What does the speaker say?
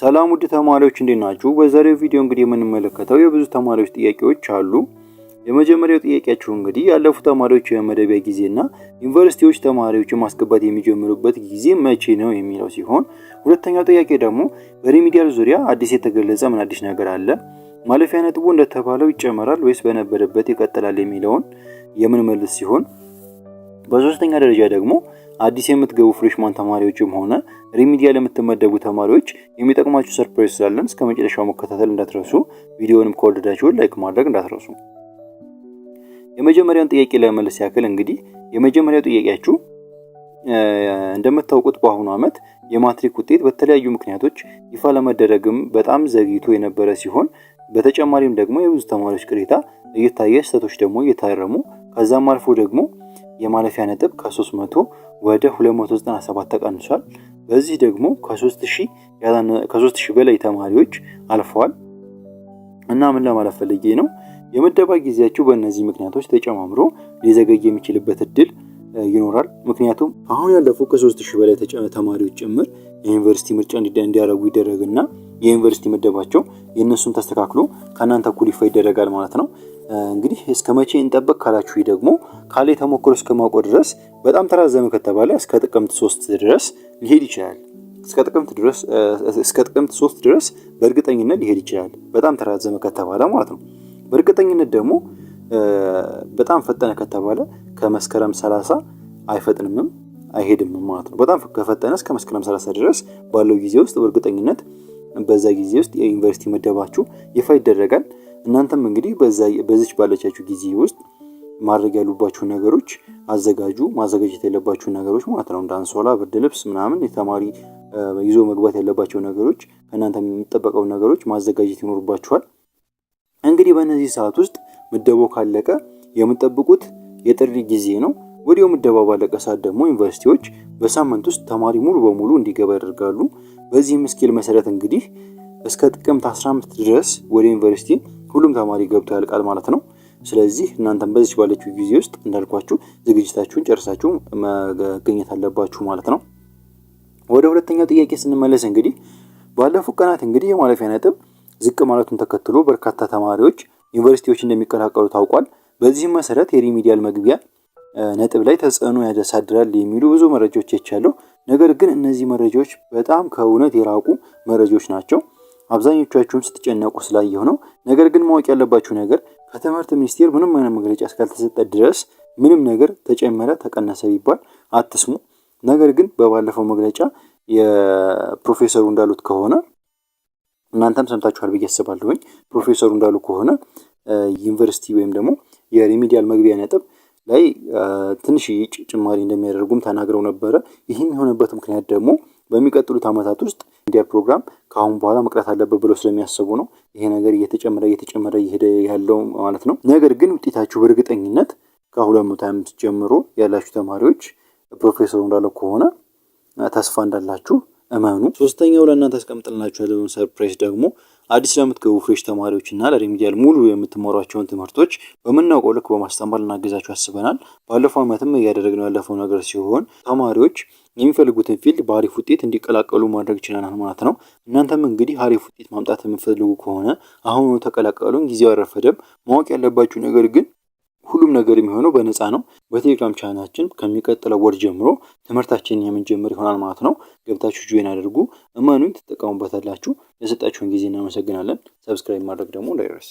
ሰላም ውድ ተማሪዎች እንዴት ናችሁ? በዛሬው ቪዲዮ እንግዲህ የምንመለከተው የብዙ ተማሪዎች ጥያቄዎች አሉ። የመጀመሪያው ጥያቄያችሁ እንግዲህ ያለፉ ተማሪዎች የመደቢያ ጊዜና ዩኒቨርሲቲዎች ተማሪዎች ማስገባት የሚጀምሩበት ጊዜ መቼ ነው የሚለው ሲሆን፣ ሁለተኛው ጥያቄ ደግሞ በሪሚዲያል ዙሪያ አዲስ የተገለጸ ምን አዲስ ነገር አለ፣ ማለፊያ ነጥቡ እንደተባለው ይጨመራል ወይስ በነበረበት ይቀጥላል የሚለውን የምንመልስ ሲሆን በሶስተኛ ደረጃ ደግሞ አዲስ የምትገቡ ፍሬሽማን ተማሪዎችም ሆነ ሪሚዲያ ለምትመደቡ ተማሪዎች የሚጠቅማችሁ ሰርፕራይዝ ስላለን እስከ መጨረሻው መከታተል እንዳትረሱ። ቪዲዮንም ከወደዳችሁን ላይክ ማድረግ እንዳትረሱ። የመጀመሪያውን ጥያቄ ለመለስ ያክል እንግዲህ የመጀመሪያው ጥያቄያችሁ እንደምታውቁት በአሁኑ ዓመት የማትሪክ ውጤት በተለያዩ ምክንያቶች ይፋ ለመደረግም በጣም ዘግይቶ የነበረ ሲሆን በተጨማሪም ደግሞ የብዙ ተማሪዎች ቅሬታ እየታየ ስህተቶች ደግሞ እየታረሙ ከዛም አልፎ ደግሞ የማለፊያ ነጥብ ከ300 ወደ 297 ተቀንሷል። በዚህ ደግሞ ከ3000 በላይ ተማሪዎች አልፈዋል። እና ምን ለማለት ፈልጌ ነው? የምደባ ጊዜያቸው በእነዚህ ምክንያቶች ተጨማምሮ ሊዘገይ የሚችልበት እድል ይኖራል። ምክንያቱም አሁን ያለፉ ከ3000 በላይ ተማሪዎች ጭምር የዩኒቨርሲቲ ምርጫ እንዲያደርጉ ይደረግና የዩኒቨርሲቲ ምደባቸው የእነሱን ተስተካክሎ ከእናንተ እኩል ይፋ ይደረጋል ማለት ነው። እንግዲህ እስከ መቼ እንጠበቅ ካላችሁ ደግሞ ካለ ተሞክሮ እስከማውቀው ድረስ በጣም ተራዘመ ከተባለ እስከ ጥቅምት ሶስት ድረስ ሊሄድ ይችላል። እስከ ጥቅምት ሶስት ድረስ በእርግጠኝነት ሊሄድ ይችላል። በጣም ተራዘመ ከተባለ ማለት ነው። በእርግጠኝነት ደግሞ በጣም ፈጠነ ከተባለ ከመስከረም ሰላሳ አይፈጥንምም አይሄድምም ማለት ነው። በጣም ከፈጠነ እስከ መስከረም ሰላሳ ድረስ ባለው ጊዜ ውስጥ በእርግጠኝነት በዛ ጊዜ ውስጥ የዩኒቨርሲቲ መደባችሁ ይፋ ይደረጋል። እናንተም እንግዲህ በዚች ባለቻችሁ ጊዜ ውስጥ ማድረግ ያሉባችሁ ነገሮች አዘጋጁ። ማዘጋጀት ያለባችሁ ነገሮች ማለት ነው እንደ አንሶላ፣ ብርድ ልብስ ምናምን የተማሪ ይዞ መግባት ያለባቸው ነገሮች ከእናንተ የሚጠበቀው ነገሮች ማዘጋጀት ይኖርባችኋል። እንግዲህ በእነዚህ ሰዓት ውስጥ ምደባው ካለቀ የምጠብቁት የጥሪ ጊዜ ነው። ወዲያው ምደባ ባለቀ ሰዓት ደግሞ ዩኒቨርሲቲዎች በሳምንት ውስጥ ተማሪ ሙሉ በሙሉ እንዲገባ ያደርጋሉ። በዚህ ምስኪል መሰረት እንግዲህ እስከ ጥቅምት 15 ድረስ ወደ ዩኒቨርሲቲ ሁሉም ተማሪ ገብቶ ያልቃል ማለት ነው። ስለዚህ እናንተም በዚች ባለችው ጊዜ ውስጥ እንዳልኳችሁ ዝግጅታችሁን ጨርሳችሁ መገኘት አለባችሁ ማለት ነው። ወደ ሁለተኛው ጥያቄ ስንመለስ እንግዲህ ባለፉት ቀናት እንግዲህ የማለፊያ ነጥብ ዝቅ ማለቱን ተከትሎ በርካታ ተማሪዎች ዩኒቨርሲቲዎች እንደሚቀላቀሉ ታውቋል። በዚህም መሰረት የሪሚዲያል መግቢያ ነጥብ ላይ ተጽዕኖ ያሳድራል የሚሉ ብዙ መረጃዎች አይቻለሁ። ነገር ግን እነዚህ መረጃዎች በጣም ከእውነት የራቁ መረጃዎች ናቸው። አብዛኞቻችሁም ስትጨነቁ ስላየሁ ነው። ነገር ግን ማወቅ ያለባችሁ ነገር ከትምህርት ሚኒስቴር ምንም አይነት መግለጫ እስካልተሰጠ ድረስ ምንም ነገር ተጨመረ ተቀነሰ ቢባል አትስሙ። ነገር ግን በባለፈው መግለጫ የፕሮፌሰሩ እንዳሉት ከሆነ እናንተም ሰምታችኋል ብዬ አስባለሁኝ። ፕሮፌሰሩ እንዳሉ ከሆነ ዩኒቨርሲቲ ወይም ደግሞ የሪሚዲያል መግቢያ ነጥብ ላይ ትንሽ ጭማሪ እንደሚያደርጉም ተናግረው ነበረ። ይህም የሆነበት ምክንያት ደግሞ በሚቀጥሉት ዓመታት ውስጥ እንዲያ ፕሮግራም ከአሁን በኋላ መቅረት አለበት ብለው ስለሚያስቡ ነው። ይሄ ነገር እየተጨመረ እየተጨመረ እየሄደ ያለው ማለት ነው። ነገር ግን ውጤታችሁ በእርግጠኝነት ከ መቶ ጀምሮ ያላችሁ ተማሪዎች ፕሮፌሰሩ እንዳለው ከሆነ ተስፋ እንዳላችሁ እመኑ። ሶስተኛው ለእናንተ አስቀምጥልናችሁ ያለውን ሰርፕራይዝ ደግሞ አዲስ ለምትገቡ ፍሬሽ ተማሪዎች እና ለሪሚዲያል ሙሉ የምትመሯቸውን ትምህርቶች በምናውቀው ልክ በማስተማር ልናገዛችሁ አስበናል። ባለፈው ዓመትም እያደረግነው ያለፈው ነገር ሲሆን ተማሪዎች የሚፈልጉትን ፊልድ በአሪፍ ውጤት እንዲቀላቀሉ ማድረግ ይችላናል ማለት ነው። እናንተም እንግዲህ አሪፍ ውጤት ማምጣት የምትፈልጉ ከሆነ አሁኑ ተቀላቀሉን። ጊዜው አረፈደም። ማወቅ ያለባችሁ ነገር ግን ሁሉም ነገር የሚሆነው በነፃ ነው። በቴሌግራም ቻናችን ከሚቀጥለው ወር ጀምሮ ትምህርታችንን የምንጀምር ይሆናል ማለት ነው። ገብታችሁ ጆይን አድርጉ። እመኑኝ ትጠቀሙበታላችሁ። ለሰጣችሁን ጊዜ እናመሰግናለን። ሰብስክራይብ ማድረግ ደግሞ እንዳይረሳ።